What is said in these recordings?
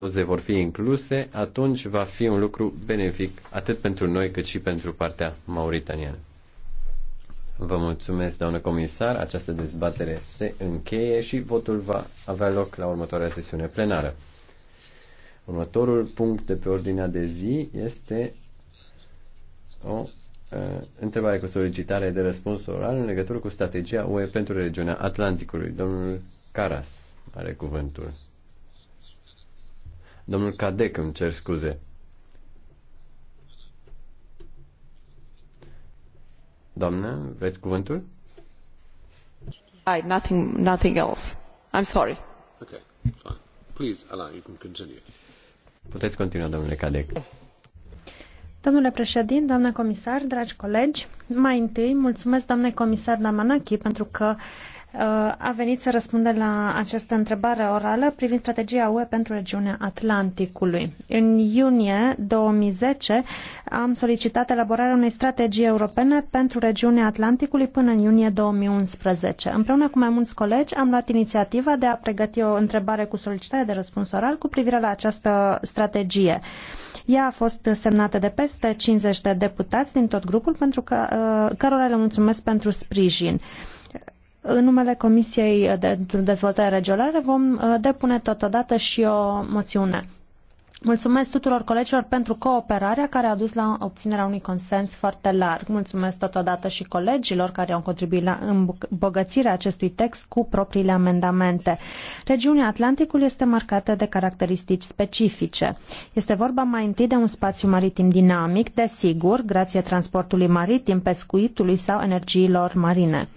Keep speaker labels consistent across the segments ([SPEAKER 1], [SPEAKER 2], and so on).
[SPEAKER 1] doze vor fi incluse, atunci va fi un lucru benefic atât pentru noi cât și pentru partea mauritaniană. Vă mulțumesc, doamnă comisar. Această dezbatere se încheie și votul va avea loc la următoarea sesiune plenară. Următorul punct de pe ordinea de zi este o uh, întrebare cu solicitare de răspuns oral în legătură cu strategia UE pentru regiunea Atlanticului. Domnul Caras are cuvântul. Domnul Cadec îmi cer scuze. Doamnă, vreți cuvântul?
[SPEAKER 2] I, nothing, nothing else. I'm sorry.
[SPEAKER 1] Okay, fine. Please, Alain, you can continue. Puteți continua, domnule Cadec.
[SPEAKER 2] Domnule președinte, doamnă comisar, dragi colegi, mai întâi mulțumesc doamne comisar Damanachi pentru că a venit să răspundă la această întrebare orală privind strategia UE pentru regiunea Atlanticului. În iunie 2010 am solicitat elaborarea unei strategii europene pentru regiunea Atlanticului până în iunie 2011. Împreună cu mai mulți colegi am luat inițiativa de a pregăti o întrebare cu solicitare de răspuns oral cu privire la această strategie. Ea a fost semnată de peste 50 de deputați din tot grupul pentru că, uh, cărora le mulțumesc pentru sprijin. În numele Comisiei de Dezvoltare Regională vom uh, depune totodată și o moțiune. Mulțumesc tuturor colegilor pentru cooperarea care a dus la obținerea unui consens foarte larg. Mulțumesc totodată și colegilor care au contribuit la îmbogățirea acestui text cu propriile amendamente. Regiunea Atlanticului este marcată de caracteristici specifice. Este vorba mai întâi de un spațiu maritim dinamic, desigur, grație transportului maritim, pescuitului sau energiilor marine.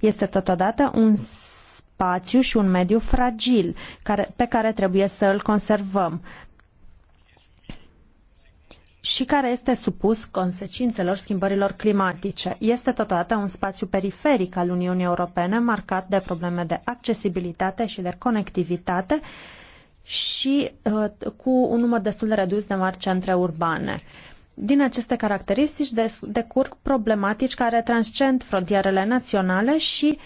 [SPEAKER 2] Este totodată un spațiu și un mediu fragil care, pe care trebuie să îl conservăm și care este supus consecințelor schimbărilor climatice. Este totodată un spațiu periferic al Uniunii Europene marcat de probleme de accesibilitate și de conectivitate și uh, cu un număr destul de redus de mari centre urbane. Din aceste caracteristici decurg problematici care transcend frontierele naționale și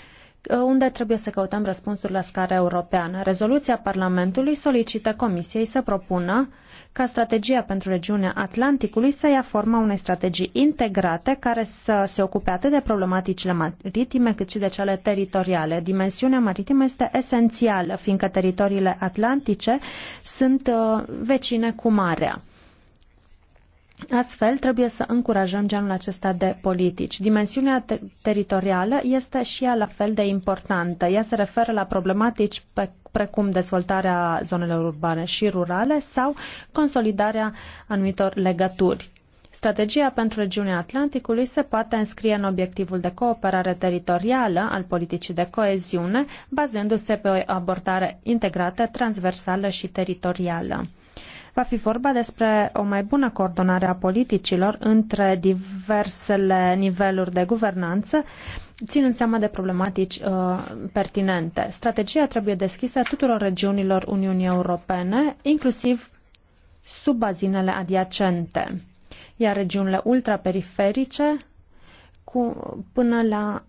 [SPEAKER 2] uh, unde trebuie să căutăm răspunsuri la scară europeană. Rezoluția Parlamentului solicită Comisiei să propună uh, ca strategia pentru regiunea Atlanticului să ia forma unei strategii integrate care să se ocupe atât de problematicile maritime cât și de cele teritoriale. Dimensiunea maritimă este esențială, fiindcă teritoriile atlantice sunt uh, vecine cu marea. Astfel, trebuie să încurajăm genul acesta de politici. Dimensiunea ter- teritorială este și ea la fel de importantă. Ea se referă la problematici pe precum dezvoltarea zonelor urbane și rurale sau consolidarea anumitor legături. Strategia pentru regiunea Atlanticului se poate înscrie în obiectivul de cooperare teritorială al politicii de coeziune, bazându-se pe o abordare integrată, transversală și teritorială. Va fi vorba despre o mai bună coordonare a politicilor între diversele niveluri de guvernanță, ținând seama de problematici uh, pertinente. Strategia trebuie deschisă tuturor regiunilor Uniunii Europene, inclusiv sub bazinele adiacente, iar regiunile ultraperiferice cu, până la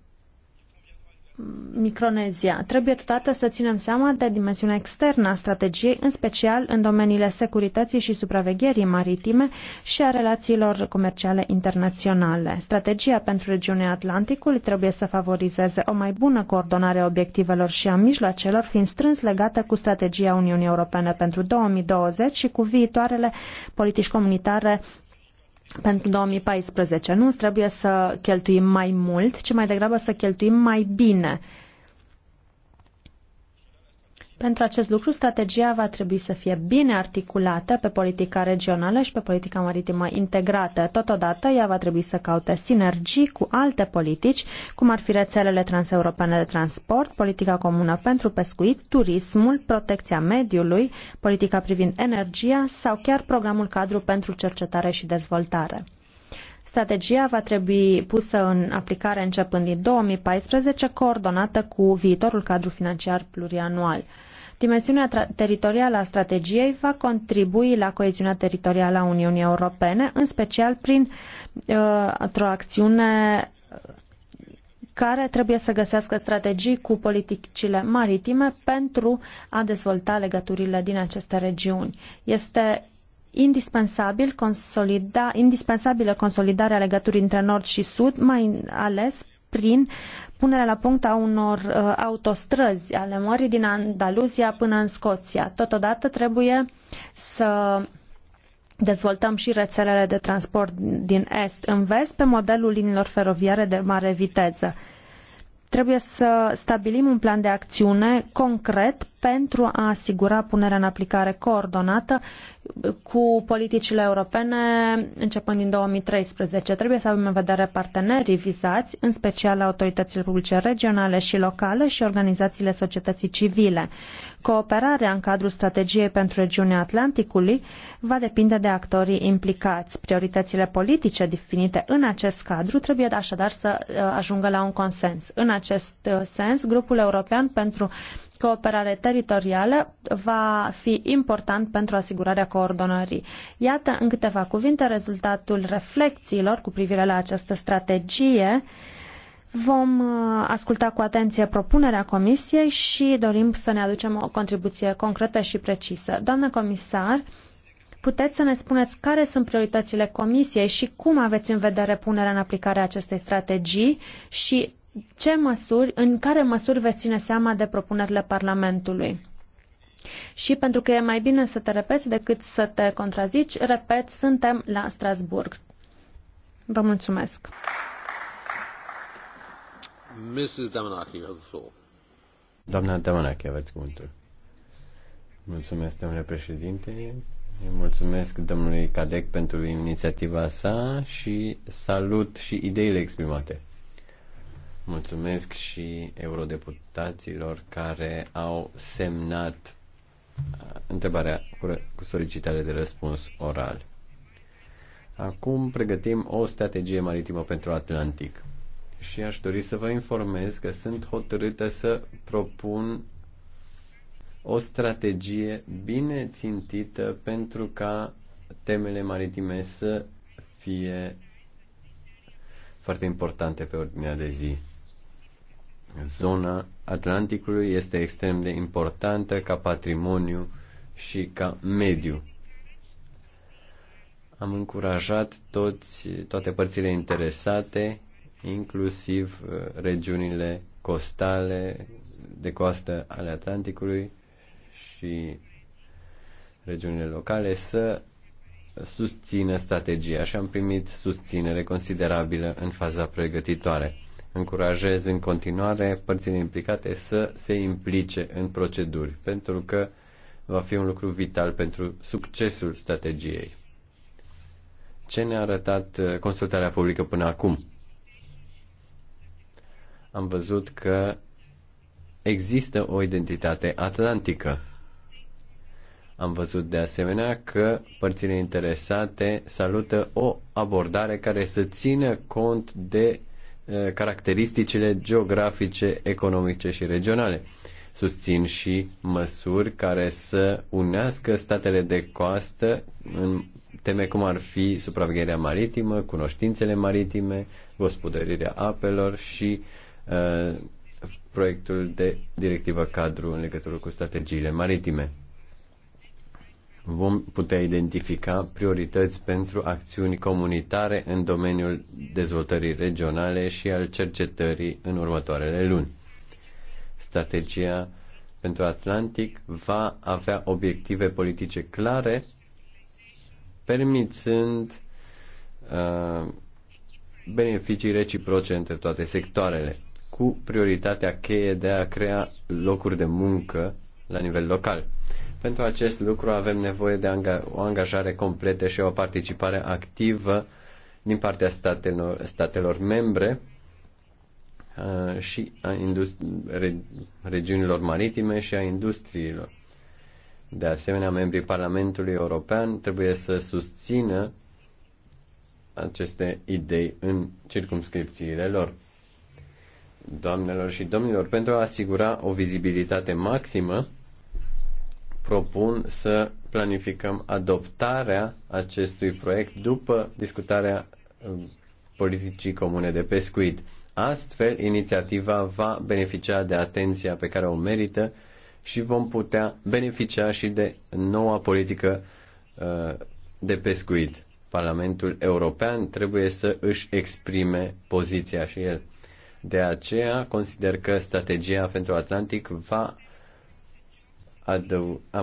[SPEAKER 2] Micronezia. Trebuie totodată să ținem seama de dimensiunea externă a strategiei, în special în domeniile securității și supravegherii maritime și a relațiilor comerciale internaționale. Strategia pentru regiunea Atlanticului trebuie să favorizeze o mai bună coordonare a obiectivelor și a mijloacelor, fiind strâns legată cu strategia Uniunii Europene pentru 2020 și cu viitoarele politici comunitare pentru 2014. Nu trebuie să cheltuim mai mult, ci mai degrabă să cheltuim mai bine. Pentru acest lucru, strategia va trebui să fie bine articulată pe politica regională și pe politica maritimă integrată. Totodată, ea va trebui să caute sinergii cu alte politici, cum ar fi rețelele transeuropene de transport, politica comună pentru pescuit, turismul, protecția mediului, politica privind energia sau chiar programul cadru pentru cercetare și dezvoltare. Strategia va trebui pusă în aplicare începând din 2014, coordonată cu viitorul cadru financiar plurianual. Dimensiunea teritorială a strategiei va contribui la coeziunea teritorială a Uniunii Europene, în special prin uh, o acțiune care trebuie să găsească strategii cu politicile maritime pentru a dezvolta legăturile din aceste regiuni. Este indispensabil consolida, indispensabilă consolidarea legăturii între nord și sud, mai ales prin punerea la punct a unor uh, autostrăzi ale mării din Andaluzia până în Scoția. Totodată trebuie să dezvoltăm și rețelele de transport din est în vest pe modelul liniilor feroviare de mare viteză. Trebuie să stabilim un plan de acțiune concret pentru a asigura punerea în aplicare coordonată cu politicile europene începând din 2013. Trebuie să avem în vedere partenerii vizați, în special autoritățile publice regionale și locale și organizațiile societății civile. Cooperarea în cadrul strategiei pentru regiunea Atlanticului va depinde de actorii implicați. Prioritățile politice definite în acest cadru trebuie așadar să uh, ajungă la un consens. În acest uh, sens, grupul european pentru cooperare teritorială va fi important pentru asigurarea coordonării. Iată în câteva cuvinte rezultatul reflexiilor cu privire la această strategie. Vom uh, asculta cu atenție propunerea Comisiei și dorim să ne aducem o contribuție concretă și precisă. Doamnă comisar, puteți să ne spuneți care sunt prioritățile Comisiei și cum aveți în vedere punerea în aplicare a acestei strategii și ce măsuri, în care măsuri veți ține seama de propunerile Parlamentului? Și pentru că e mai bine să te repeți decât să te contrazici, repet, suntem la Strasburg. Vă mulțumesc.
[SPEAKER 3] Mrs. Damanaki, you have the floor.
[SPEAKER 1] Doamna Damanaki, aveți cuvântul. Mulțumesc, domnule președinte. Îi mulțumesc domnului Cadec pentru inițiativa sa și salut și ideile exprimate. Mulțumesc și eurodeputaților care au semnat uh, întrebarea cu solicitare de răspuns oral. Acum pregătim o strategie maritimă pentru Atlantic și aș dori să vă informez că sunt hotărâtă să propun o strategie bine țintită pentru ca temele maritime să fie foarte importante pe ordinea de zi. Zona Atlanticului este extrem de importantă ca patrimoniu și ca mediu. Am încurajat toți, toate părțile interesate, inclusiv uh, regiunile costale de coastă ale Atlanticului și regiunile locale să susțină strategia și am primit susținere considerabilă în faza pregătitoare încurajez în continuare părțile implicate să se implice în proceduri, pentru că va fi un lucru vital pentru succesul strategiei. Ce ne-a arătat uh, consultarea publică până acum? Am văzut că există o identitate atlantică. Am văzut de asemenea că părțile interesate salută o abordare care să țină cont de Eh, caracteristicile geografice, economice și regionale. Susțin și măsuri care să unească statele de coastă în teme cum ar fi supravegherea maritimă, cunoștințele maritime, gospodărirea apelor și uh, proiectul de directivă cadru în legătură cu strategiile maritime vom putea identifica priorități pentru acțiuni comunitare în domeniul dezvoltării regionale și al cercetării în următoarele luni. Strategia pentru Atlantic va avea obiective politice clare, permițând uh, beneficii reciproce între toate sectoarele, cu prioritatea cheie de a crea locuri de muncă la nivel local. Pentru acest lucru avem nevoie de o angajare completă și o participare activă din partea statelor, statelor membre și a regiunilor maritime și a industriilor. De asemenea, membrii Parlamentului European trebuie să susțină aceste idei în circumscripțiile lor. Doamnelor și domnilor, pentru a asigura o vizibilitate maximă, propun să planificăm adoptarea acestui proiect după discutarea um, politicii comune de pescuit. Astfel, inițiativa va beneficia de atenția pe care o merită și vom putea beneficia și de noua politică uh, de pescuit. Parlamentul European trebuie să își exprime poziția și el. De aceea, consider că strategia pentru Atlantic va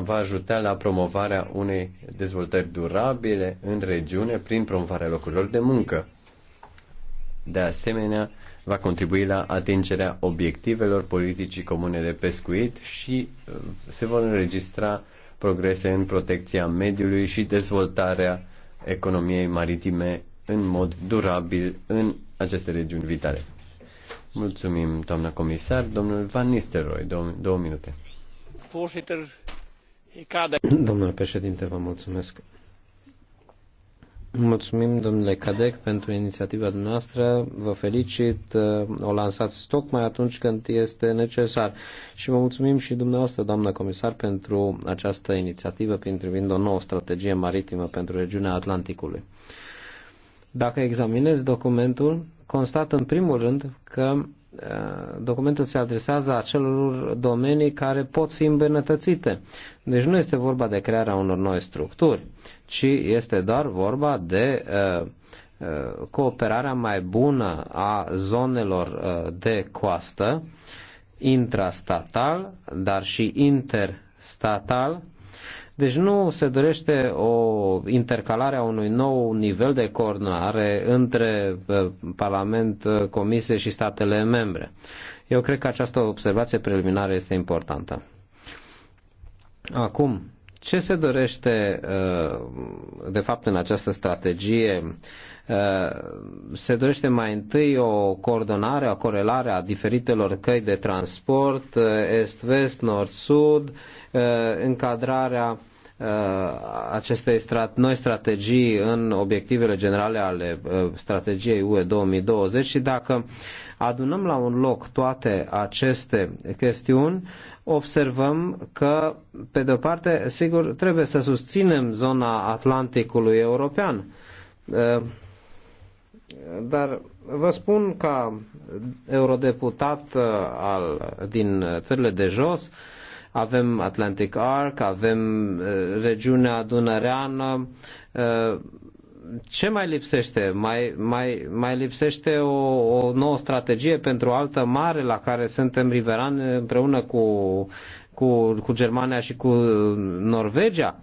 [SPEAKER 1] va ajuta la promovarea unei dezvoltări durabile în regiune prin promovarea locurilor de muncă. De asemenea, va contribui la atingerea obiectivelor politicii comune de pescuit și uh, se vor înregistra progrese în protecția mediului și dezvoltarea economiei maritime în mod durabil în aceste regiuni vitale. Mulțumim, doamna comisar. Domnul Van Nistelrooy, două, două minute. Domnule președinte, vă
[SPEAKER 3] mulțumesc. Mulțumim, domnule Cadec, pentru inițiativa noastră. Vă felicit. Uh, o lansați tocmai atunci când este necesar. Și vă mulțumim și dumneavoastră, doamnă comisar, pentru această inițiativă privind o nouă strategie maritimă pentru regiunea Atlanticului. Dacă examinez documentul, constat în primul rând că Eh, documentul se adresează acelor domenii care pot fi îmbunătățite. Deci nu este vorba de crearea unor noi structuri, ci este doar vorba de eh, eh, cooperarea mai bună a zonelor de coastă, intrastatal, dar și interstatal, deci nu se dorește o intercalare a unui nou nivel de coordonare între uh, Parlament, uh, Comisie și statele membre. Eu cred că această observație preliminară este importantă. Acum, ce se dorește, uh, de fapt, în această strategie? Uh, se dorește mai întâi o coordonare, o corelare a diferitelor căi de transport, uh, est-vest, nord-sud, încadrarea Uh, aceste strat, noi strategii în obiectivele generale ale uh, strategiei UE 2020 și dacă adunăm la un loc toate aceste chestiuni, observăm că, pe de-o parte, sigur, trebuie să susținem zona Atlanticului european. Uh, dar vă spun ca eurodeputat al, din țările de jos, avem Atlantic Arc, avem uh, regiunea dunăreană. Uh, ce mai lipsește? Mai, mai, mai lipsește o, o nouă strategie pentru altă mare la care suntem riverani împreună cu, cu, cu Germania și cu Norvegia?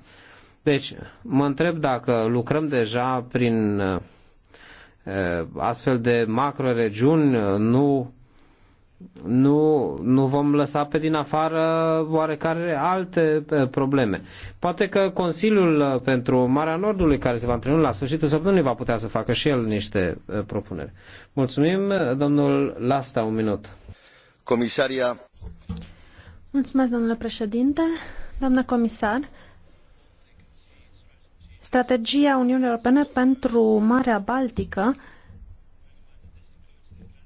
[SPEAKER 3] Deci, mă întreb dacă lucrăm deja prin uh, astfel de macro-regiuni, nu nu, nu vom lăsa pe din afară oarecare alte probleme. Poate că Consiliul uh, pentru Marea Nordului, care se va întâlni la sfârșitul săptămânii, va putea să facă și el niște uh, propuneri. Mulțumim, uh, domnul Lasta, un minut. Comisaria.
[SPEAKER 2] Mulțumesc, domnule președinte, doamnă comisar. Strategia Uniunii Europene pentru Marea Baltică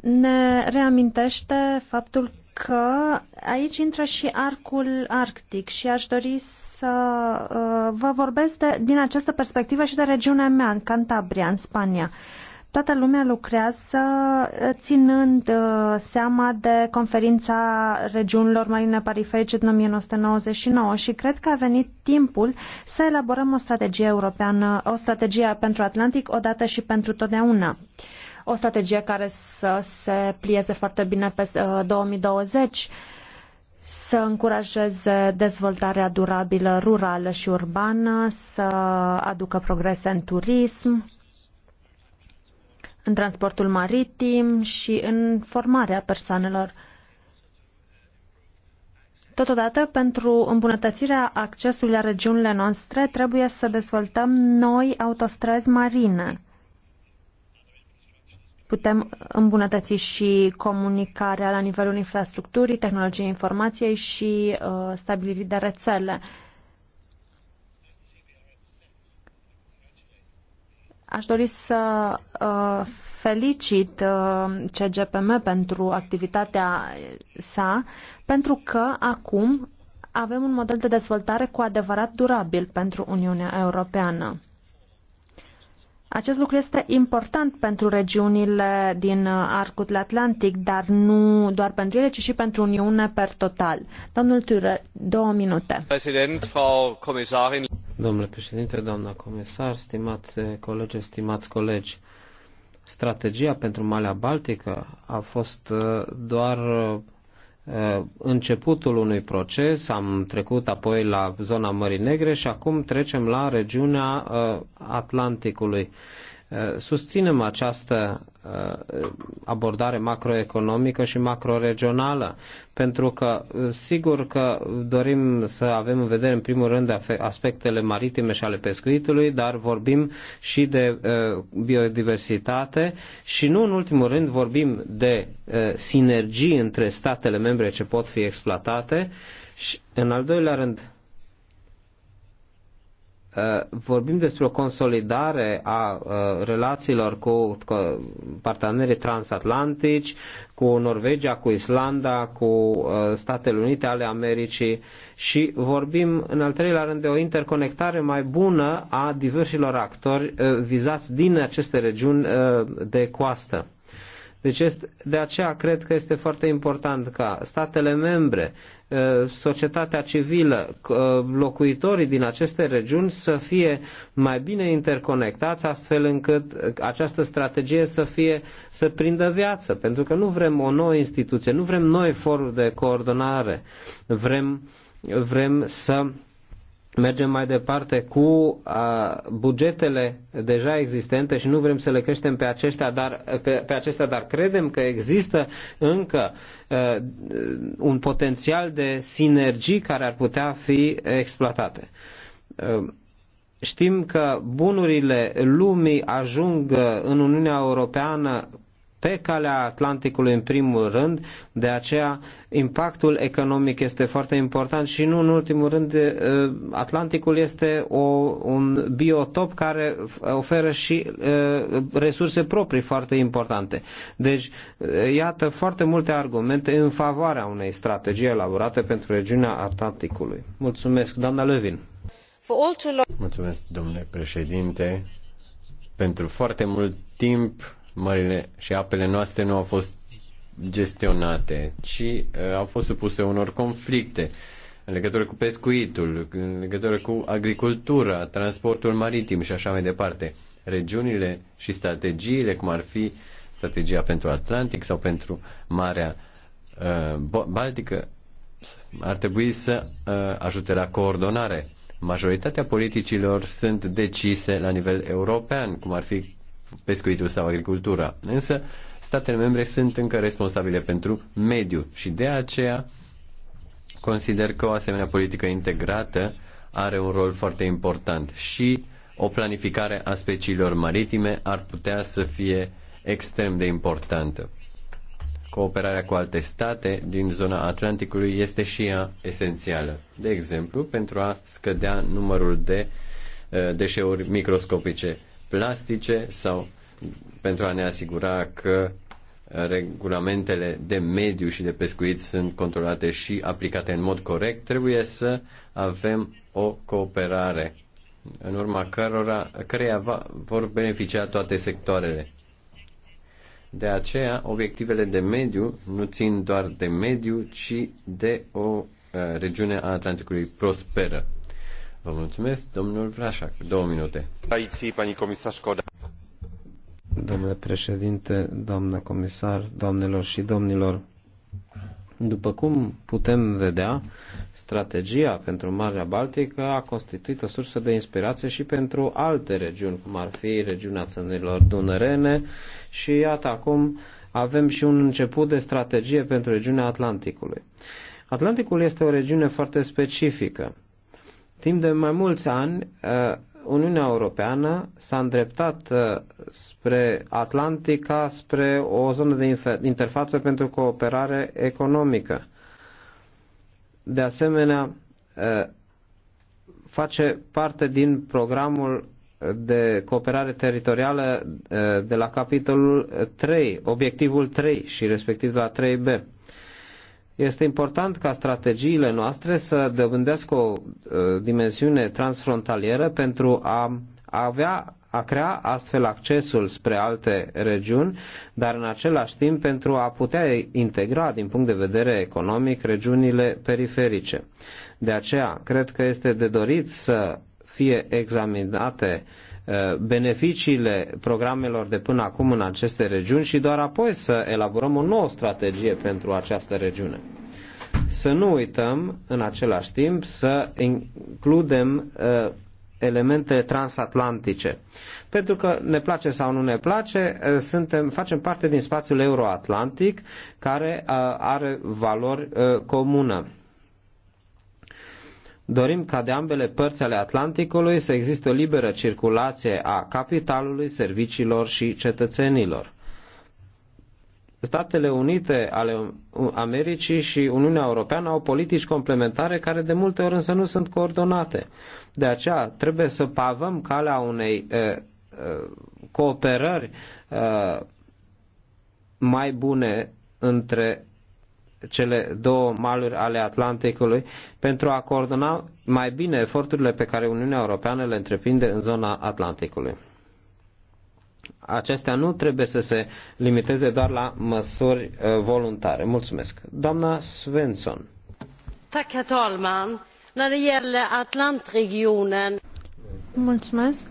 [SPEAKER 2] ne reamintește faptul că aici intră și arcul arctic și aș dori să uh, vă vorbesc de, din această perspectivă și de regiunea mea, în Cantabria, în Spania. Toată lumea lucrează uh, ținând uh, seama de conferința regiunilor marine periferice din 1999 și cred că a venit timpul să elaborăm o strategie europeană, o strategie pentru Atlantic odată și pentru totdeauna. Uh, o strategie care să se plieze foarte bine pe 2020, uh, să încurajeze dezvoltarea durabilă rurală și urbană, să aducă progrese în turism, în transportul maritim și în formarea persoanelor. Totodată, pentru îmbunătățirea accesului la regiunile noastre, trebuie să dezvoltăm noi autostrăzi marine. Putem îmbunătăți și comunicarea la nivelul infrastructurii, tehnologiei informației și uh, stabilirii de rețele. Aș dori să uh, felicit uh, CGPM pentru activitatea sa, pentru că acum avem un model de dezvoltare cu adevărat durabil pentru Uniunea Europeană. Acest lucru este important pentru regiunile din arcul atlantic, dar nu doar pentru ele, ci și pentru Uniune per total. Domnul Ture, două minute.
[SPEAKER 3] President, Frau Comisarin. Domnule președinte, doamna comisar, stimați colegi, stimați colegi, strategia pentru Marea Baltică a fost uh, doar uh, Uh, începutul unui proces, am trecut apoi la zona Mării Negre și acum trecem la regiunea uh, Atlanticului. Eh, susținem această eh, abordare macroeconomică și macroregională, pentru că eh, sigur că dorim să avem în vedere în primul rând aspectele maritime și ale pescuitului, dar vorbim și de biodiversitate și nu în ultimul rând vorbim de sinergii între statele membre ce pot fi exploatate și în al doilea rând Uh, vorbim despre o consolidare a uh, relațiilor cu partenerii transatlantici, cu Norvegia, cu Islanda, cu uh, Statele Unite ale Americii și vorbim în al treilea rând de o interconectare mai bună a diversilor actori vizați din aceste regiuni de coastă. Deci este, de aceea cred că este foarte important ca statele membre, ă, societatea civilă, ă, locuitorii din aceste regiuni să fie mai bine interconectați astfel încât această strategie să fie să prindă viață, pentru că nu vrem o nouă instituție, nu vrem noi foruri de coordonare, vrem vrem să mergem mai departe cu a, bugetele deja existente și nu vrem să le creștem pe acestea, dar, pe, pe acestea, dar credem că există încă a, un potențial de sinergii care ar putea fi exploatate. A, știm că bunurile lumii ajung în Uniunea Europeană pe calea Atlanticului în primul rând, de aceea impactul economic este foarte important și nu în ultimul rând Atlanticul este o, un biotop care oferă și resurse proprii foarte importante. Deci, iată foarte multe argumente în favoarea unei strategii elaborate pentru regiunea Atlanticului. Mulțumesc, doamna Levin. Mulțumesc,
[SPEAKER 1] domnule președinte. Pentru foarte mult timp mările și apele noastre nu au fost gestionate, ci uh, au fost supuse unor conflicte în legătură cu pescuitul, în legătură cu agricultura, transportul maritim și așa mai departe. Regiunile și strategiile, cum ar fi strategia pentru Atlantic sau pentru Marea uh, Baltică, ar trebui să uh, ajute la coordonare. Majoritatea politicilor sunt decise la nivel european, cum ar fi pescuitul sau agricultura. Însă, statele membre sunt încă responsabile pentru mediu și de aceea consider că o asemenea politică integrată are un rol foarte important și o planificare a speciilor maritime ar putea să fie extrem de importantă. Cooperarea cu alte state din zona Atlanticului este și ea esențială, de exemplu, pentru a scădea numărul de uh, deșeuri microscopice plastice sau pentru a ne asigura că regulamentele de mediu și de pescuit sunt controlate și aplicate în mod corect, trebuie să avem o cooperare în urma cărora, căreia va, vor beneficia toate sectoarele. De aceea, obiectivele de mediu nu țin doar de mediu, ci de o uh, regiune a Atlanticului prosperă. Vă mulțumesc, domnul Vlașac. Două minute. Aici, pani comisar Școda.
[SPEAKER 3] Domnule președinte, doamnă comisar, doamnelor și domnilor, după cum putem vedea, strategia pentru Marea Baltică a constituit o sursă de inspirație și pentru alte regiuni, cum ar fi regiunea țărilor dunărene și iată acum avem și un început de strategie pentru regiunea Atlanticului. Atlanticul este o regiune foarte specifică Timp de mai mulți ani, uh, Uniunea Europeană s-a îndreptat uh, spre Atlantica, spre o zonă de interfață pentru cooperare economică. De asemenea, uh, face parte din programul de cooperare teritorială de la capitolul 3, obiectivul 3 și respectiv la 3B. Este important ca strategiile noastre să dobândească o uh, dimensiune transfrontalieră pentru a avea a crea astfel accesul spre alte regiuni, dar în același timp pentru a putea integra din punct de vedere economic regiunile periferice. De aceea, cred că este de dorit să fie examinate uh, Uh, beneficiile programelor de până acum în aceste regiuni și doar apoi să elaborăm o nouă strategie pentru această regiune. Să nu uităm în același timp să includem uh, elemente transatlantice. Pentru că ne place sau nu ne place, uh, suntem, facem parte din spațiul euroatlantic care are valori comună. Dorim ca de ambele părți ale Atlanticului să existe o liberă circulație a capitalului, serviciilor și cetățenilor. Statele Unite ale Americii și Uniunea Europeană au politici complementare care de multe ori însă nu sunt coordonate. De aceea trebuie să pavăm calea unei uh, cooperări uh, mai bune între cele două maluri ale Atlanticului pentru a coordona mai bine eforturile pe care Uniunea Europeană le întreprinde în zona Atlanticului. Acestea nu trebuie să se limiteze doar la măsuri uh, voluntare. Mulțumesc. Doamna Svensson.
[SPEAKER 1] Tack, herr talman. När det gäller Atlantregionen...
[SPEAKER 2] Mulțumesc.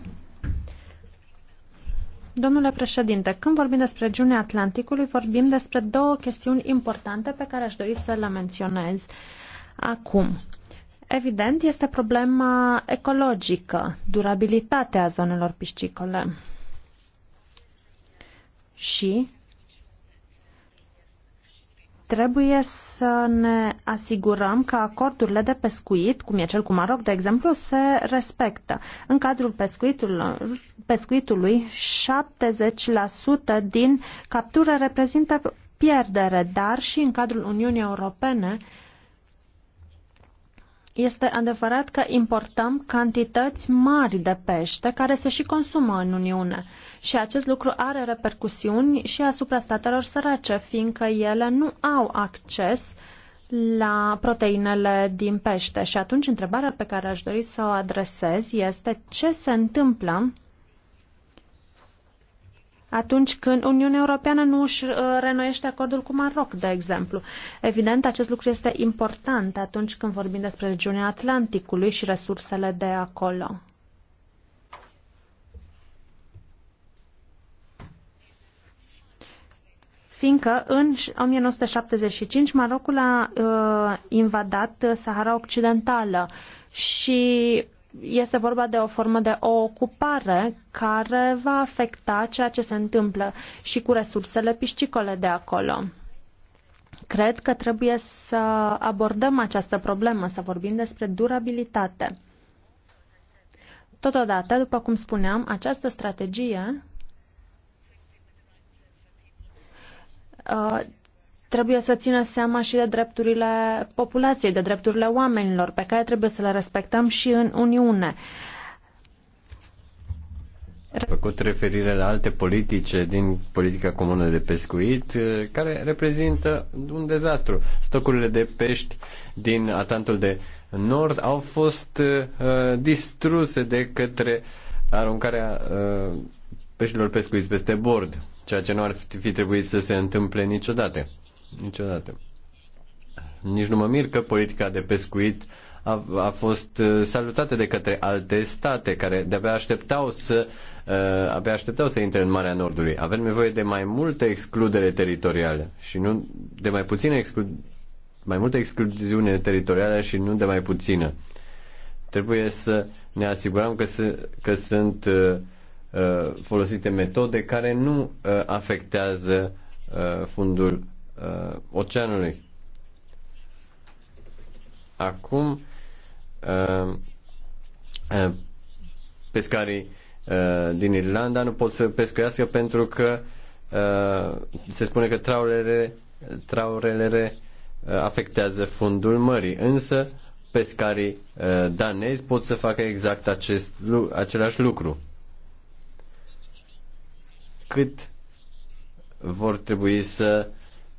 [SPEAKER 2] Domnule președinte, când vorbim despre regiunea Atlanticului, vorbim despre două chestiuni importante pe care aș dori să le menționez acum. Evident, este problema ecologică, durabilitatea zonelor piscicole și Trebuie să ne asigurăm că acordurile de pescuit, cum e cel cu Maroc, de exemplu, se respectă. În cadrul pescuitului, 70% din captură reprezintă pierdere, dar și în cadrul Uniunii Europene, uh, este adevărat că importăm cantități mari de pește care se și consumă în Uniune și acest lucru are repercusiuni și asupra statelor sărace, fiindcă ele nu au acces la proteinele din pește. Și atunci întrebarea pe care aș dori să o adresez este ce se întâmplă atunci când Uniunea Europeană nu își uh, renoiește acordul cu Maroc, de exemplu. Evident, acest lucru este important atunci când vorbim despre regiunea Atlanticului și resursele de acolo. fiindcă în 1975 Marocul a uh, invadat Sahara Occidentală și este vorba de o formă de o ocupare care va afecta ceea ce se întâmplă și cu resursele piscicole de acolo. Cred că trebuie să abordăm această problemă, să vorbim despre durabilitate. Totodată, după cum spuneam, această strategie uh, trebuie să țină seama și de drepturile populației, de drepturile oamenilor, pe care trebuie să le respectăm și în Uniune.
[SPEAKER 1] A făcut referire la alte politice din politica comună de pescuit, eh, care reprezintă un dezastru. Stocurile de pești din Atlantul de Nord au fost uh, distruse de către aruncarea uh, peștilor pescuiți peste bord, ceea ce nu ar fi trebuit să se întâmple niciodată niciodată. Nici nu mă mir că politica de pescuit a, a fost uh, salutată de către alte state care de-abia așteptau să uh, abia așteptau să intre în Marea Nordului. Avem nevoie de mai multe excludere teritoriale și nu de mai puțină exclu- mai multă excluziune teritorială și nu de mai puțină. Trebuie să ne asigurăm că, se, că sunt uh, uh folosite metode care nu uh, afectează uh, fundul uh, oceanului. Acum, uh, uh, pescarii uh, din Irlanda nu pot să pescuiască pentru că uh, se spune că traurele, traurele uh, afectează fundul mării. Însă, pescarii uh, danezi pot să facă exact acest, același lucru. Cât vor trebui să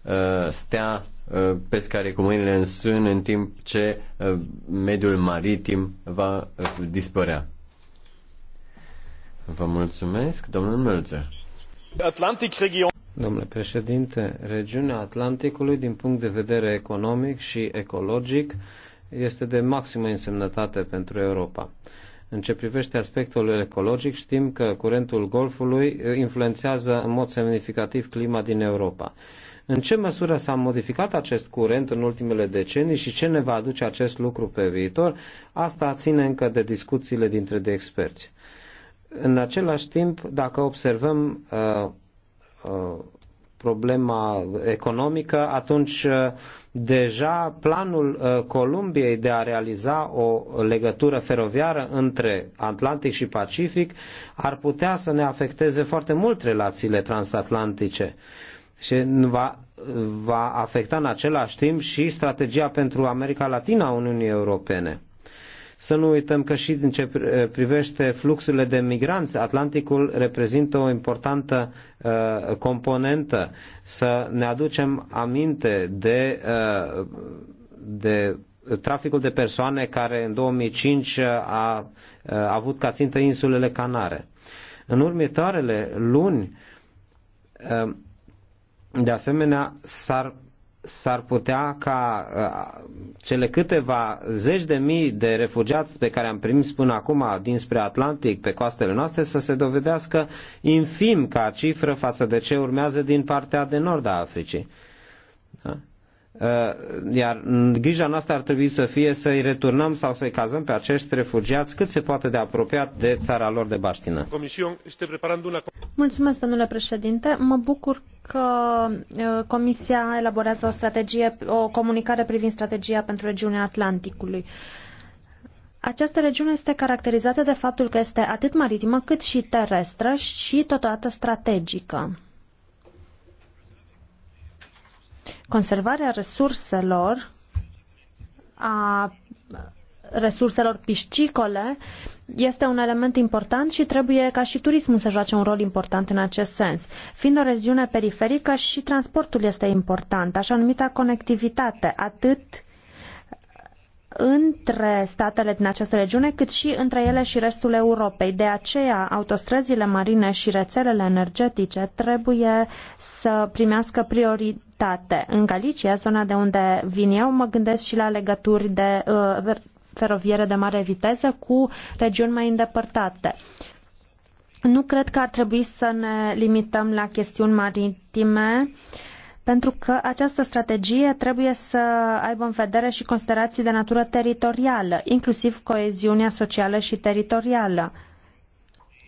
[SPEAKER 1] Uh, stea uh, pescare cu mâinile în sân în timp ce uh, mediul maritim va dispărea. Vă mulțumesc, domnul Mölzer.
[SPEAKER 3] Atlantic region. Domnule președinte, regiunea Atlanticului, din punct de vedere economic și ecologic, este de maximă însemnătate pentru Europa. În ce privește aspectul ecologic, știm că curentul Golfului influențează în mod semnificativ clima din Europa. În ce măsură s-a modificat acest curent în ultimele decenii și ce ne va aduce acest lucru pe viitor, asta ține încă de discuțiile dintre de experți. În același timp, dacă observăm uh, uh, problema economică, atunci uh, deja planul uh, Columbiei de a realiza o legătură feroviară între Atlantic și Pacific ar putea să ne afecteze foarte mult relațiile transatlantice și va, va afecta în același timp și strategia pentru America Latina a Uniunii Europene. Să nu uităm că și din ce privește fluxurile de migranți, Atlanticul reprezintă o importantă uh, componentă. Să ne aducem aminte de, uh, de traficul de persoane care în 2005 uh, a, uh, a avut ca țintă insulele Canare. În următoarele luni, uh, de asemenea, s-ar s-ar putea ca uh, cele câteva zeci de mii de refugiați pe care am primit până acum dinspre Atlantic pe coastele noastre să se dovedească infim ca cifră față de ce urmează din partea de nord a Africii. Da? Uh, iar grija noastră ar trebui să fie să-i returnăm sau să-i cazăm pe acești refugiați cât se poate de apropiat de țara lor de baștină.
[SPEAKER 2] Mulțumesc, domnule președinte. Mă bucur că uh, Comisia elaborează o strategie, o comunicare privind strategia pentru regiunea Atlanticului. Această regiune este caracterizată de faptul că este atât maritimă cât și terestră și totodată strategică. Conservarea resurselor a resurselor piscicole este un element important și trebuie ca și turismul să joace un rol important în acest sens. Fiind o regiune periferică și transportul este important, așa numita conectivitate, atât între statele din această regiune, cât și între ele și restul Europei. De aceea, autostrăzile marine și rețelele energetice trebuie să primească priori, state. În Galicia, zona de unde vin eu, mă gândesc și la legături de uh, feroviere de mare viteză cu regiuni mai îndepărtate. Nu cred că ar trebui să ne limităm la chestiuni maritime, pentru că această strategie trebuie să aibă în vedere și considerații de natură teritorială, inclusiv coeziunea socială și teritorială.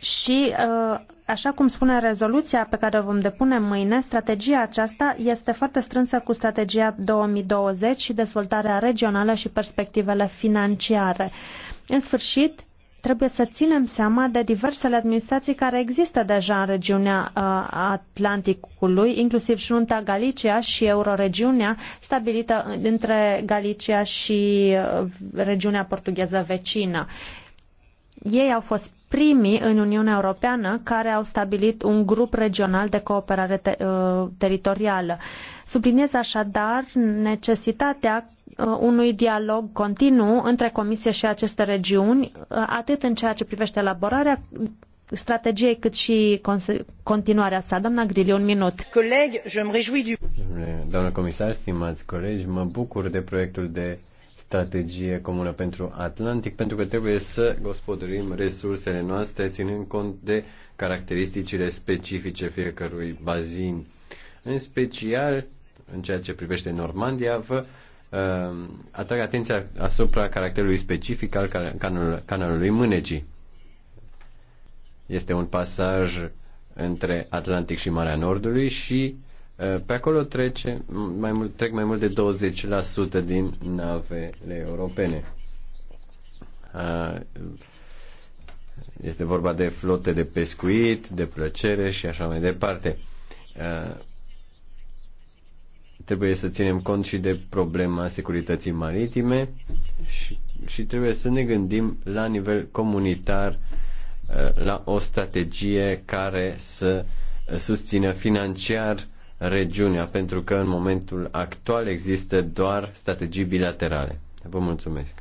[SPEAKER 2] Și uh, Așa cum spune rezoluția pe care o vom depune mâine, strategia aceasta este foarte strânsă cu strategia 2020 și dezvoltarea regională și perspectivele financiare. În sfârșit, trebuie să ținem seama de diversele administrații care există deja în regiunea uh, Atlanticului, inclusiv Junta Galicia și euroregiunea stabilită între Galicia și uh, regiunea portugheză vecină. Ei au fost primii în Uniunea Europeană care au stabilit un grup regional de cooperare te- uh, teritorială. Subliniez așadar necesitatea uh, unui dialog continuu între Comisie și aceste regiuni, uh, atât în ceea ce privește elaborarea strategiei, cât și continuarea sa. Doamna Grili, un minut. Coleg, je me du...
[SPEAKER 1] Doamna comisar, stimați colegi, mă bucur de proiectul de strategie comună pentru Atlantic, pentru că trebuie să gospodărim resursele noastre ținând cont de caracteristicile specifice fiecărui bazin. În special, în ceea ce privește Normandia, vă uh, atrag atenția asupra caracterului specific al canalului, canalului Mânecii. Este un pasaj între Atlantic și Marea Nordului și Eh, pe acolo trece, mai mult, trec mai mult de 20% din navele europene. Eh, este vorba de flote de pescuit, de plăcere și așa mai departe. Eh, trebuie să ținem cont și de problema securității maritime și, și trebuie să ne gândim la nivel comunitar la o strategie care să susțină financiar uh, regiunea, pentru că în momentul actual există doar strategii bilaterale. Vă mulțumesc.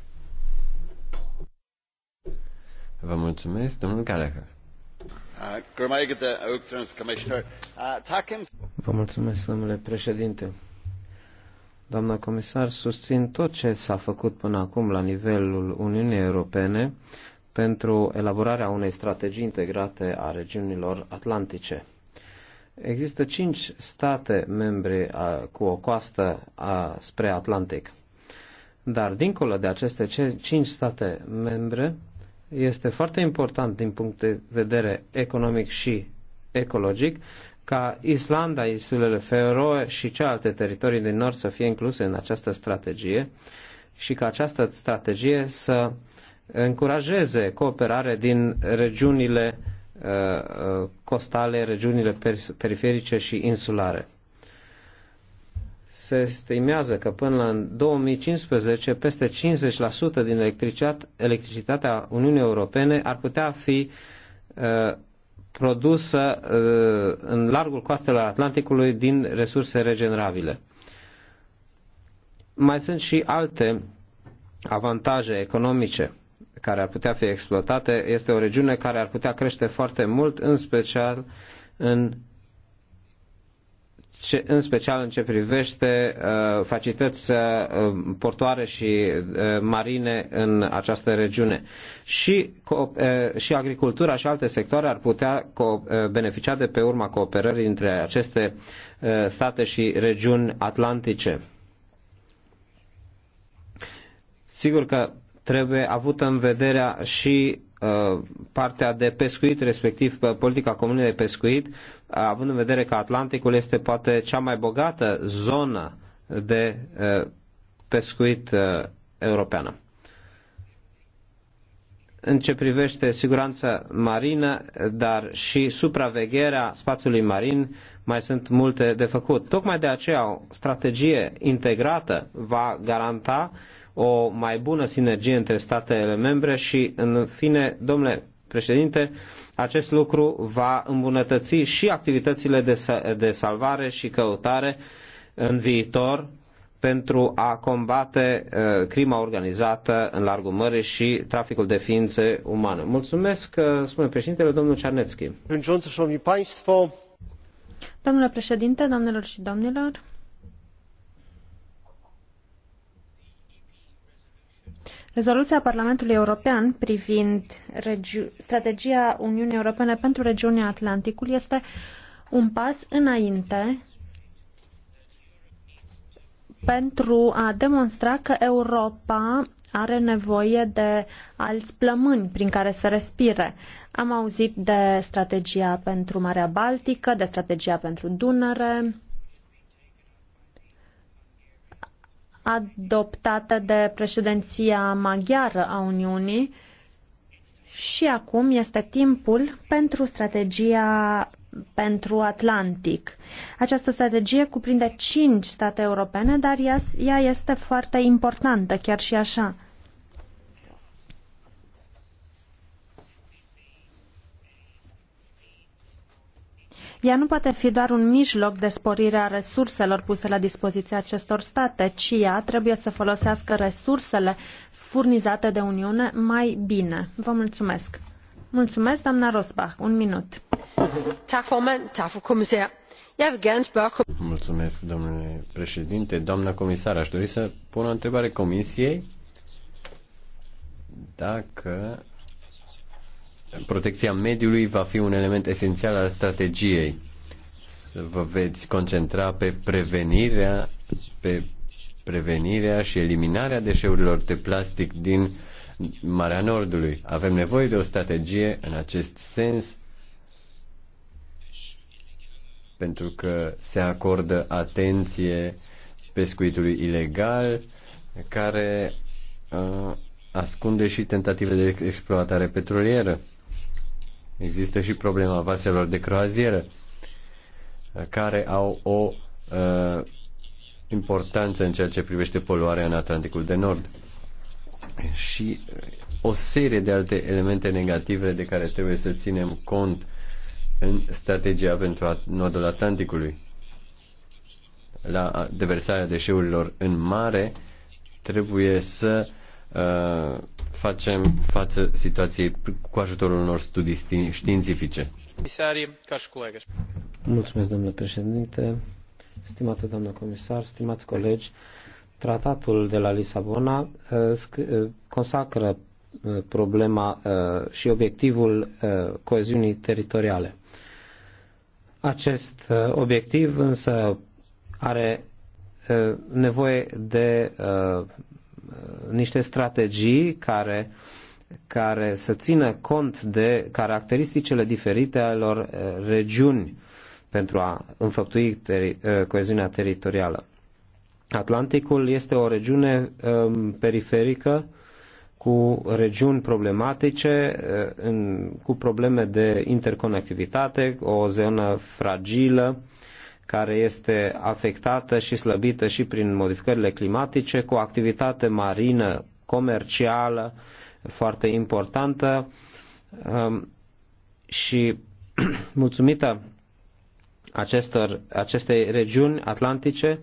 [SPEAKER 1] Vă mulțumesc, domnul Gallagher. Vă mulțumesc,
[SPEAKER 3] domnule președinte. Doamna comisar, susțin tot ce s-a făcut până acum la nivelul Uniunii Europene pentru elaborarea unei strategii integrate a regiunilor atlantice. Există cinci state membre cu o coastă spre Atlantic. Dar dincolo de aceste cinci state membre, este foarte important din punct de vedere economic și ecologic ca Islanda, insulele Feroe și celelalte teritorii din nord să fie incluse în această strategie și ca această strategie să încurajeze cooperare din regiunile Uh, costale, regiunile periferice și insulare. Se estimează că până în 2015 peste 50% din electricitatea Uniunii Europene ar putea fi uh, produsă uh, în largul coastelor Atlanticului din resurse regenerabile. Mai sunt și alte avantaje economice care ar putea fi exploatate. Este o regiune care ar putea crește foarte mult, în special în ce, în special în ce privește uh, facilități uh, portoare și uh, marine în această regiune. Și, co- uh, și agricultura și alte sectoare ar putea co- uh, beneficia de pe urma cooperării între aceste uh, state și regiuni atlantice. Sigur că trebuie avută în vederea și uh, partea de pescuit, respectiv uh, politica comună de pescuit, uh, având în vedere că Atlanticul este poate cea mai bogată zonă de pescuit europeană. În ce privește siguranța marină, dar și supravegherea spațiului marin, mai sunt multe de făcut. Tocmai de aceea o strategie integrată va garanta uh, o mai bună sinergie între statele membre și, în fine, domnule președinte, acest lucru va îmbunătăți și activitățile de, de salvare și căutare în viitor pentru a combate uh, crima organizată în largul mării și traficul de ființe umane. Mulțumesc, uh, spune președintele, domnul Cernețchi.
[SPEAKER 2] Domnule președinte, domnilor și domnilor, Rezoluția Parlamentului European privind strategia Uniunii Europene pentru regiunea Atlanticului este un pas înainte pentru a demonstra că Europa are nevoie de alți plămâni prin care să respire. Am auzit de strategia pentru Marea Baltică, de strategia pentru Dunăre, adoptată de președinția maghiară a Uniunii și acum este timpul pentru strategia pentru Atlantic. Această strategie cuprinde cinci state europene, dar ea este foarte importantă, chiar și așa. Ea nu poate fi doar un mijloc de sporire a resurselor puse la dispoziția acestor state, ci ea trebuie să folosească resursele furnizate de Uniune mai bine. Vă mulțumesc! Mulțumesc, doamna Rosbach. Un minut. comisar.
[SPEAKER 1] Mulțumesc, domnule președinte. Doamna comisar, aș dori să pun o întrebare comisiei dacă protecția mediului va fi un element esențial al strategiei. Să vă veți concentra pe prevenirea, pe prevenirea și eliminarea deșeurilor de plastic din Marea Nordului. Avem nevoie de o strategie în acest sens pentru că se acordă atenție pescuitului ilegal care uh, ascunde și tentative de exploatare petrolieră. Există și problema vaselor de croazieră, care au o uh, importanță în ceea ce privește poluarea în Atlanticul de Nord. Și o serie de alte elemente negative de care trebuie să ținem cont în strategia pentru nodul Atlanticului. La deversarea deșeurilor în mare trebuie să uh, facem față situației cu ajutorul unor studii științifice.
[SPEAKER 3] Mulțumesc, domnule președinte, stimată doamnă comisar, stimați colegi. Tratatul de la Lisabona uh, uh, consacră uh, problema și obiectivul coeziunii teritoriale. Acest obiectiv însă are nevoie de niște strategii care, care să țină cont de caracteristicile diferite alor eh, regiuni pentru a înfăptui teri, eh, coeziunea teritorială. Atlanticul este o regiune ehm, periferică cu regiuni problematice, eh, cu probleme de interconectivitate, o zonă fragilă, care este afectată și slăbită și prin modificările climatice, cu o activitate marină comercială foarte importantă um, și mulțumită acestor, acestei regiuni atlantice,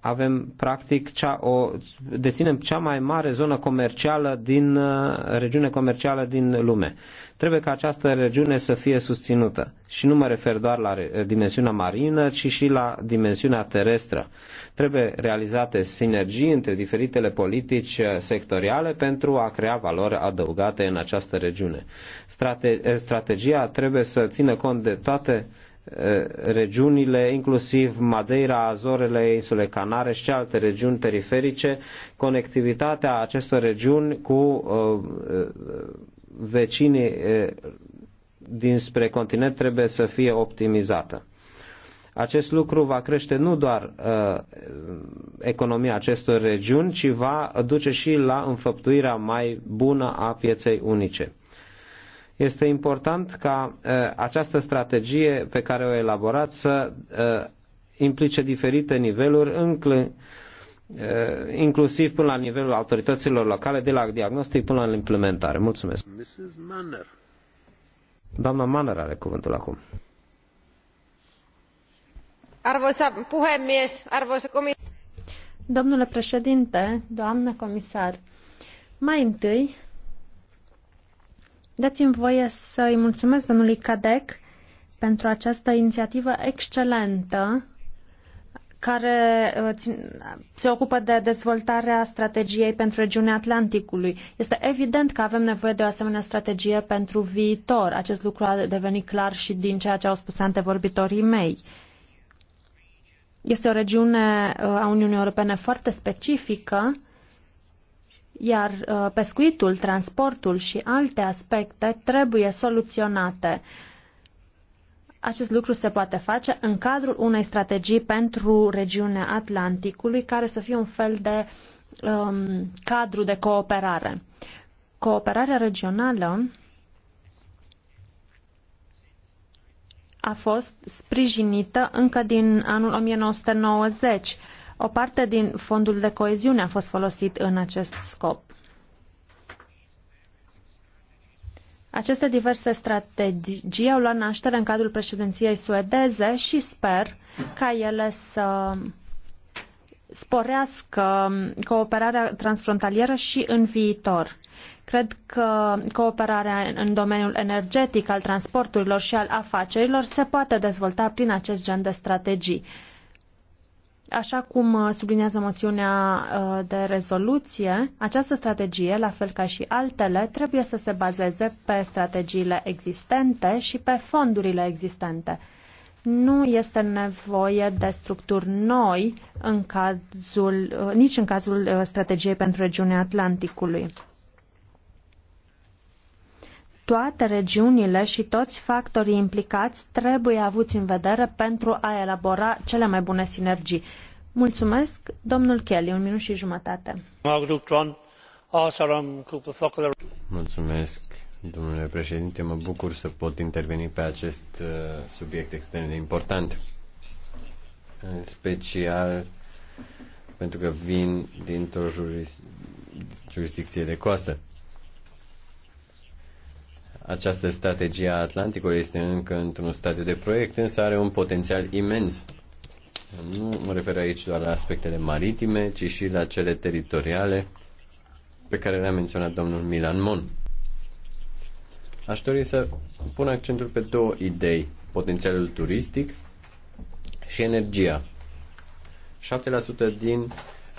[SPEAKER 3] avem practic cea, o, deținem cea mai mare zonă comercială din uh, regiune comercială din lume. Trebuie ca această regiune să fie susținută și nu mă refer doar la dimensiunea marină, ci și la dimensiunea terestră. Trebuie realizate sinergii între diferitele politici sectoriale pentru a crea valori adăugate în această regiune. Strate- strategia trebuie să țină cont de toate regiunile, inclusiv Madeira, Azorele, insule Canare și alte regiuni periferice, conectivitatea acestor regiuni cu vecinii dinspre continent trebuie să fie optimizată. Acest lucru va crește nu doar uh, economia acestor regiuni, ci va duce și la înfăptuirea mai bună a pieței unice. Este important ca uh, această strategie pe care o elaborați să uh, implice diferite niveluri, încl. Eh, inclusiv până la nivelul autorităților locale, de la diagnostic până la implementare. Mulțumesc.
[SPEAKER 2] Mrs. Manner.
[SPEAKER 3] Doamna Manner are cuvântul acum.
[SPEAKER 2] Arvoisa puhemies, arvoisa komis... Domnule președinte, doamnă comisar, mai întâi dați-mi voie să-i mulțumesc domnului Cadec pentru această inițiativă excelentă care uh, se ocupă de dezvoltarea strategiei pentru regiunea Atlanticului. Este evident că avem nevoie de o asemenea strategie pentru viitor. Acest lucru a devenit clar și din ceea ce au spus antevorbitorii mei. Este o regiune uh, a Uniunii Europene foarte specifică, iar uh, pescuitul, transportul și alte aspecte trebuie soluționate. Acest lucru se poate face în cadrul unei strategii pentru regiunea Atlanticului, care să fie un fel de um, cadru de cooperare. Cooperarea regională a fost sprijinită încă din anul 1990. O parte din fondul de coeziune a fost folosit în acest scop. Aceste diverse strategii au luat naștere în cadrul președinției suedeze și sper ca ele să sporească cooperarea transfrontalieră și în viitor. Cred că cooperarea în domeniul energetic, al transporturilor și al afacerilor se poate dezvolta prin acest gen de strategii. Așa cum uh, sublinează moțiunea uh, de rezoluție, această strategie, la fel ca și altele, trebuie să se bazeze pe strategiile existente și pe fondurile existente. Nu este nevoie de structuri noi în cazul, uh, nici în cazul strategiei pentru regiunea Atlanticului toate regiunile și toți factorii implicați trebuie avuți în vedere pentru a elabora cele mai bune sinergii. Mulțumesc, domnul Kelly, un minut și jumătate.
[SPEAKER 1] Mulțumesc, domnule președinte. Mă bucur să pot interveni pe acest uh, subiect extrem de important. În special pentru că vin dintr-o jurisdicție de coastă. Această strategie a Atlanticului este încă într-un stadiu de proiect, însă are un potențial imens. Nu mă refer aici doar la aspectele maritime, ci și la cele teritoriale pe care le-a menționat domnul Milan Mon. Aș dori să pun accentul pe două idei, potențialul turistic și energia. 7% din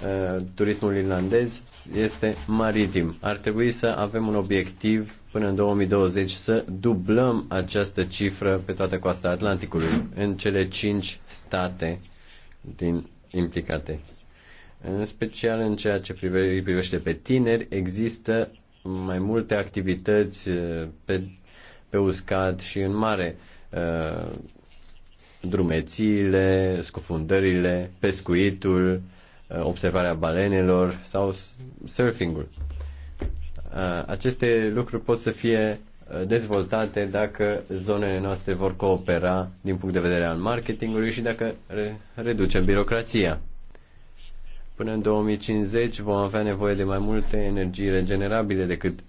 [SPEAKER 1] Uh, turismul irlandez este maritim. Ar trebui să avem un obiectiv până în 2020 să dublăm această cifră pe toată coasta Atlanticului, în cele cinci state din implicate. În special în ceea ce privește pe tineri, există mai multe activități uh, pe, pe uscat și în mare. Uh, drumețiile, scufundările, pescuitul, Uh, observarea balenelor sau surfingul. Uh, aceste lucruri pot să fie uh, dezvoltate dacă zonele noastre vor coopera din punct de vedere al marketingului și dacă reducem birocrația. Până în 2050 vom avea nevoie de mai multe energii regenerabile decât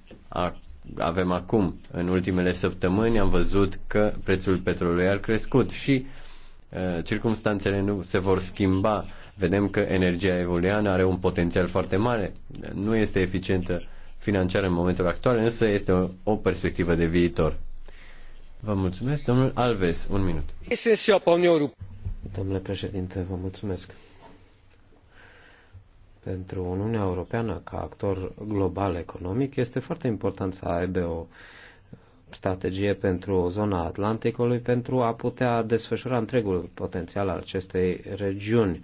[SPEAKER 1] avem acum. În ultimele săptămâni am văzut că prețul petrolului a crescut și uh, circumstanțele nu se vor schimba vedem că energia eoliană are un potențial foarte mare. Nu este eficientă financiar în momentul actual, însă este o, o perspectivă de viitor. Vă mulțumesc, domnul Alves, un minut.
[SPEAKER 3] Domnule președinte, vă mulțumesc. Pentru Uniunea Europeană, ca actor global economic, este foarte important să aibă o strategie pentru zona Atlanticului pentru a putea desfășura întregul potențial al acestei regiuni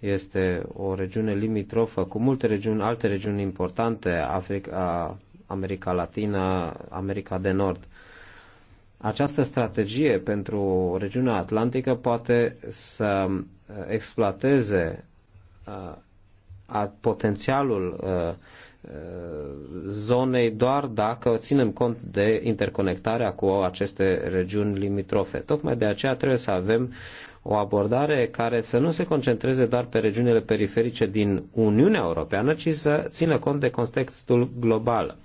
[SPEAKER 3] este o regiune limitrofă cu multe regiuni, alte regiuni importante, Africa, America Latina, America de Nord. Această strategie pentru regiunea atlantică poate să uh, exploateze uh, potențialul uh, zonei doar dacă ținem cont de interconectarea cu aceste regiuni limitrofe. Tocmai de aceea trebuie să avem o abordare care să nu se concentreze doar pe regiunile periferice din Uniunea Europeană, ci să țină cont de contextul global.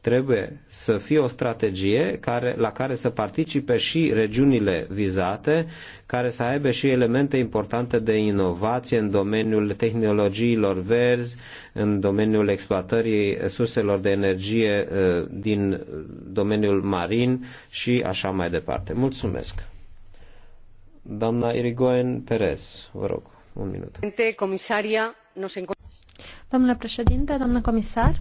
[SPEAKER 3] Trebuie să fie o strategie care, la care să participe și regiunile vizate, care să aibă și elemente importante de inovație în domeniul tehnologiilor verzi, în domeniul exploatării surselor de energie eh, din domeniul marin și așa mai departe. Mulțumesc! Doamna Irigoyen Perez, vă rog,
[SPEAKER 2] un minut. Domnule președinte, domnule comisar,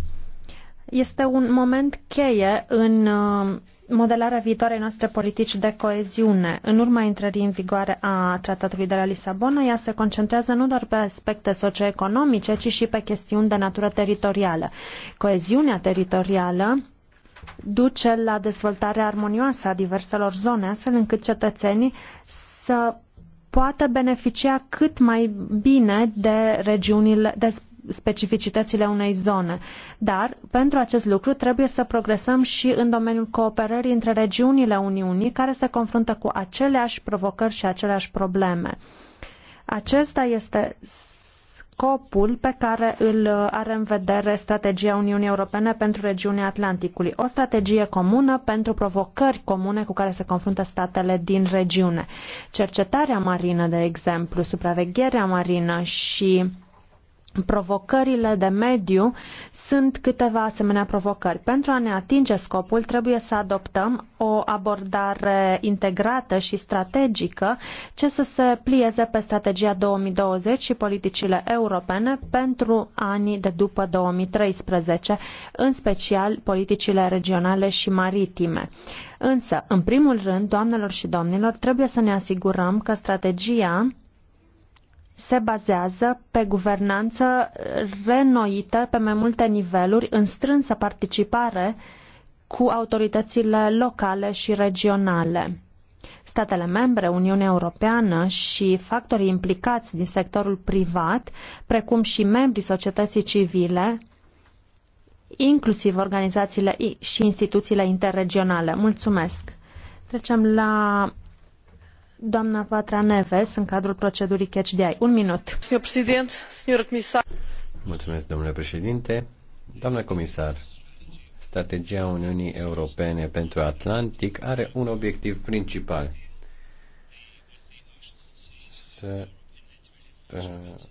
[SPEAKER 2] este un moment cheie în uh, modelarea viitoarei noastre politici de coeziune. În urma intrării în vigoare a Tratatului de la Lisabona, ea se concentrează nu doar pe aspecte socioeconomice, ci și pe chestiuni de natură teritorială. Coeziunea teritorială duce la dezvoltarea armonioasă a diverselor zone, astfel încât cetățenii să poată beneficia cât mai bine de regiunile, de specificitățile unei zone. Dar, pentru acest lucru, trebuie să progresăm și în domeniul cooperării între regiunile Uniunii care se confruntă cu aceleași provocări și aceleași probleme. Acesta este scopul pe care îl are în vedere strategia Uniunii Europene pentru regiunea Atlanticului, o strategie comună pentru provocări comune cu care se confruntă statele din regiune. Cercetarea marină, de exemplu, supravegherea marină și Provocările de mediu sunt câteva asemenea provocări. Pentru a ne atinge scopul, trebuie să adoptăm o abordare integrată și strategică ce să se plieze pe strategia 2020 și politicile europene pentru anii de după 2013, în special politicile regionale și maritime. Însă, în primul rând, doamnelor și domnilor, trebuie să ne asigurăm că strategia se bazează pe guvernanță renoită pe mai multe niveluri, în strânsă participare cu autoritățile locale și regionale. Statele membre, Uniunea Europeană și factorii implicați din sectorul privat, precum și membrii societății civile, inclusiv organizațiile și instituțiile interregionale. Mulțumesc! Trecem la Doamna Patra Neves, în cadrul procedurii Catch Un minut.
[SPEAKER 1] Mulțumesc, domnule președinte. Doamna comisar, strategia Uniunii Europene pentru Atlantic are un obiectiv principal. Să uh,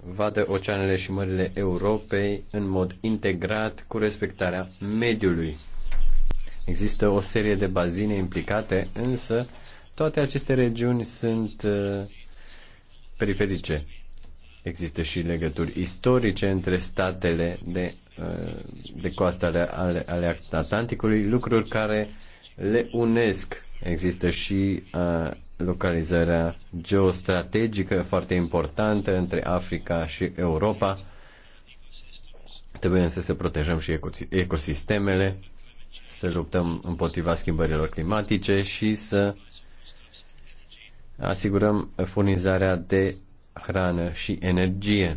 [SPEAKER 1] vadă oceanele și mările Europei în mod integrat cu respectarea mediului. Există o serie de bazine implicate, însă toate aceste regiuni sunt uh, periferice. Există și legături istorice între statele de, uh, de coastă ale, ale, ale Atlanticului, lucruri care le unesc. Există și uh, localizarea geostrategică foarte importantă între Africa și Europa. Trebuie însă să protejăm și ecosistemele, să luptăm împotriva schimbărilor climatice și să asigurăm furnizarea de hrană și energie.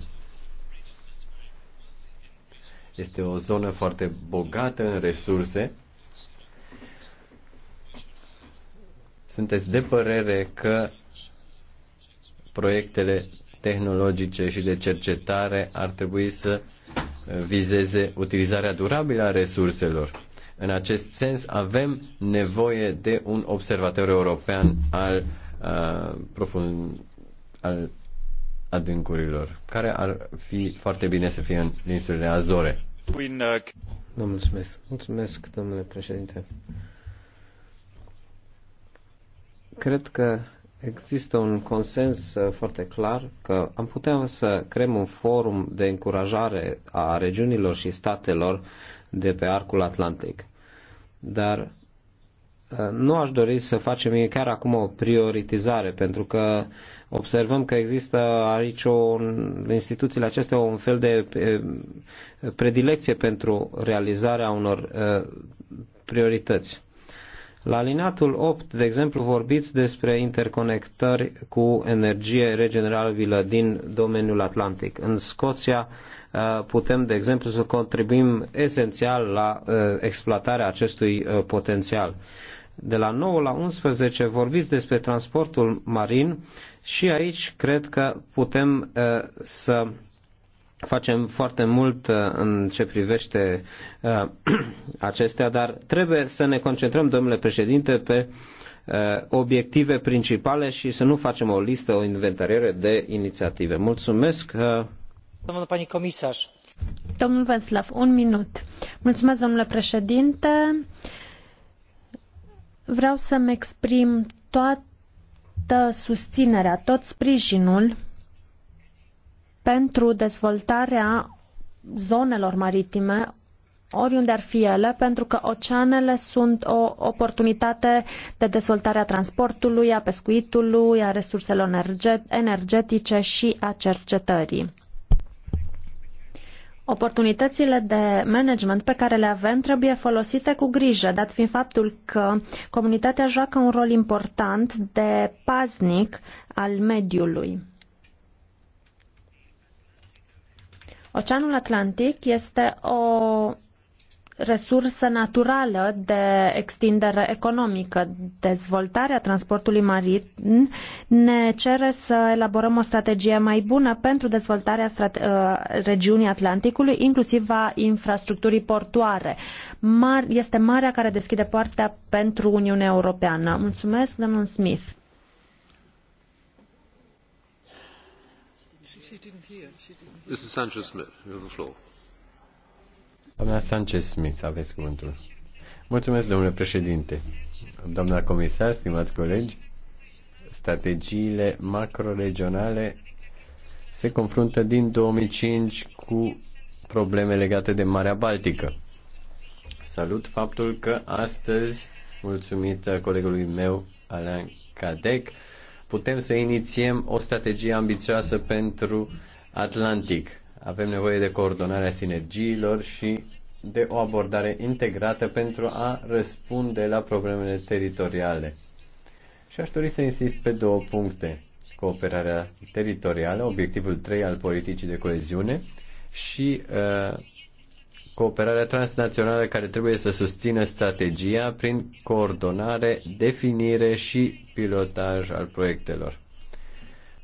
[SPEAKER 1] Este o zonă foarte bogată în resurse. Sunteți de părere că proiectele tehnologice și de cercetare ar trebui să vizeze utilizarea durabilă a resurselor. În acest sens, avem nevoie de un observator european al a, profund al adâncurilor, care ar fi foarte bine să fie în insulele Azore.
[SPEAKER 3] Domnul uh, Smith, mulțumesc, domnule președinte. Cred că există un consens uh, foarte clar că am putea să creăm un forum de încurajare a regiunilor și statelor de pe arcul Atlantic. Dar nu aș dori să facem chiar acum o prioritizare, pentru că observăm că există aici o, în instituțiile acestea un fel de predilecție pentru realizarea unor priorități. La alineatul 8, de exemplu, vorbiți despre interconectări cu energie regenerabilă din domeniul Atlantic. În Scoția putem, de exemplu, să contribuim esențial la exploatarea acestui potențial de la 9 la 11 vorbiți despre transportul marin și aici cred că putem uh, să facem foarte mult uh, în ce privește uh, acestea, dar trebuie să ne concentrăm, domnule președinte, pe obiective principale și să nu facem o listă, o inventariere de inițiative. Mulțumesc! Domnul pani comisar.
[SPEAKER 2] Domnul Venslav, un minut. Mulțumesc, domnule președinte. Vreau să-mi exprim toată susținerea, tot sprijinul pentru dezvoltarea zonelor maritime, oriunde ar fi ele, pentru că oceanele sunt o oportunitate de dezvoltare a transportului, a pescuitului, a resurselor energetice și a cercetării. Oportunitățile de management pe care le avem trebuie folosite cu grijă, dat fiind faptul că comunitatea joacă un rol important de paznic al mediului. Oceanul Atlantic este o resursă naturală de extindere economică. Dezvoltarea transportului marin ne cere să elaborăm o strategie mai bună pentru dezvoltarea strate- uh, regiunii Atlanticului, inclusiv a infrastructurii portoare. Mar- este marea care deschide poarta pentru Uniunea Europeană. Mulțumesc, domnul Smith. Mrs. Sanchez-Smith, you have the floor. Doamna
[SPEAKER 1] Sanchez-Smith, aveți cuvântul. Mulțumesc, domnule președinte. Doamna comisar, stimați colegi, strategiile macroregionale se confruntă din 2005 cu probleme legate de Marea Baltică. Salut faptul că astăzi, mulțumit colegului meu, Alain Cadec, putem să inițiem o strategie ambițioasă pentru Atlantic. Avem nevoie de coordonarea sinergiilor și de o abordare integrată pentru a răspunde la problemele teritoriale. Și aș dori să insist pe două puncte. Cooperarea teritorială, obiectivul 3 al politicii de coeziune și uh, cooperarea transnațională care trebuie să susțină strategia prin coordonare, definire și pilotaj al proiectelor.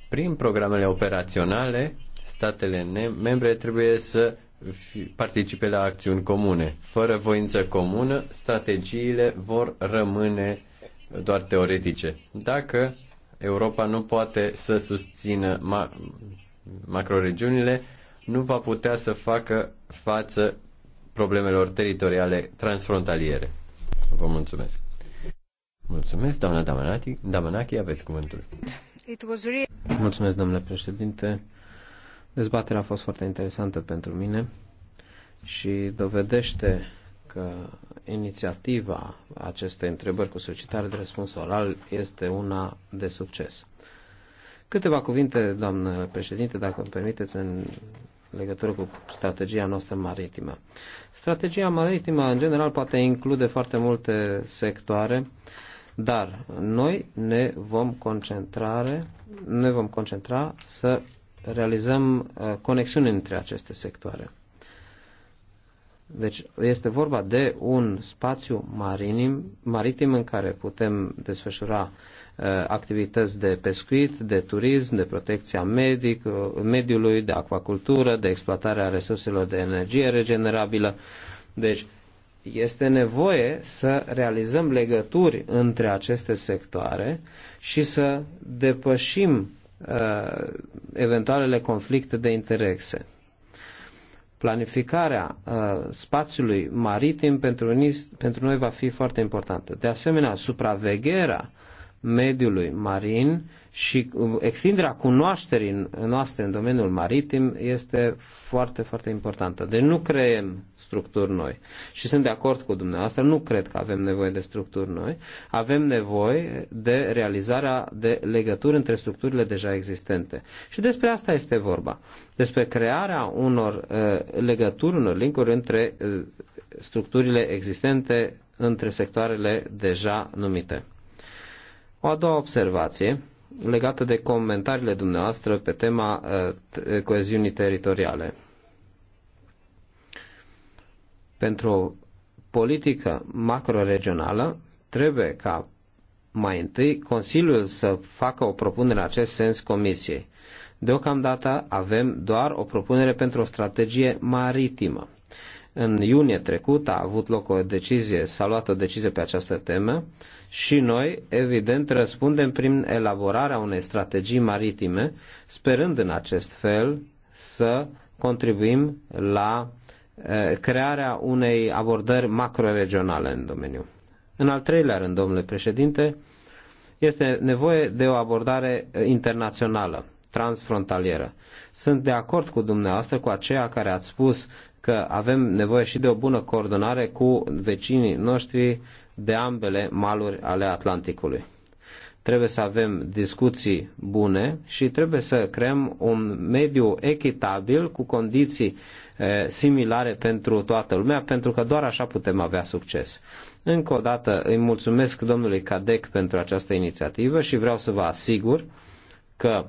[SPEAKER 1] Prin programele operaționale, statele membre trebuie să participe la acțiuni comune. Fără voință comună, strategiile vor rămâne doar teoretice. Dacă Europa nu poate să susțină ma- macroregiunile, nu va putea să facă față problemelor teritoriale transfrontaliere. Vă mulțumesc. Mulțumesc, doamna Damanaki. Damanaki, aveți cuvântul. Mulțumesc, domnule președinte.
[SPEAKER 3] Dezbaterea a fost foarte interesantă pentru mine și dovedește că inițiativa acestei întrebări cu solicitare de răspuns oral este una de succes. Câteva cuvinte, doamnă președinte, dacă îmi permiteți, în legătură cu strategia noastră maritimă. Strategia maritimă, în general, poate include foarte multe sectoare, dar noi ne vom concentra, ne vom concentra să realizăm uh, conexiuni între aceste sectoare. Deci este vorba de un spațiu marinim, maritim în care putem desfășura uh, activități de pescuit, de turism, de protecția medic, uh, mediului, de acvacultură, de exploatarea resurselor de energie regenerabilă. Deci este nevoie să realizăm legături între aceste sectoare și să depășim Uh, eventualele conflicte de interese. Planificarea uh, spațiului maritim pentru, pentru noi va fi foarte importantă. De asemenea, supravegherea mediului marin și extinderea cunoașterii noastre în domeniul maritim este foarte, foarte importantă. Deci nu creăm structuri noi. Și sunt de acord cu dumneavoastră, nu cred că avem nevoie de structuri noi. Avem nevoie de realizarea de legături între structurile deja existente. Și despre asta este vorba. Despre crearea unor uh, legături, unor linkuri între uh, structurile existente, între sectoarele deja numite. O a doua observație legată de comentariile dumneavoastră pe tema uh, uh, coeziunii teritoriale. Pentru o politică macroregională trebuie ca mai întâi Consiliul să facă o propunere în acest sens Comisiei. Deocamdată avem doar o propunere pentru o strategie maritimă. În iunie trecut a avut loc o decizie, s-a luat o decizie pe această temă și noi, evident, răspundem prin elaborarea unei strategii maritime, sperând în acest fel să contribuim la crearea unei abordări macroregionale în domeniu. În al treilea rând, domnule președinte, este nevoie de o abordare internațională, transfrontalieră. Sunt de acord cu dumneavoastră, cu aceea care ați spus că avem nevoie și de o bună coordonare cu vecinii noștri de ambele maluri ale Atlanticului. Trebuie să avem discuții bune și trebuie să creăm un mediu echitabil cu condiții eh, similare pentru toată lumea, pentru că doar așa putem avea succes. Încă o dată îi mulțumesc domnului Cadec pentru această inițiativă și vreau să vă asigur că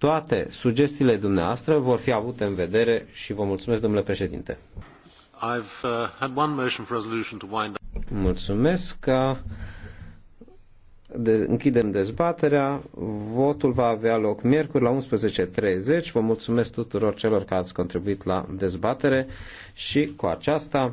[SPEAKER 3] toate sugestiile dumneavoastră vor fi avute în vedere și vă mulțumesc, domnule președinte.
[SPEAKER 1] I've, uh, had one
[SPEAKER 3] motion for resolution to wind up. Mulțumesc. Că de, închidem dezbaterea. Votul va avea loc miercuri la 11.30. Vă mulțumesc tuturor celor care ați contribuit la dezbatere și cu aceasta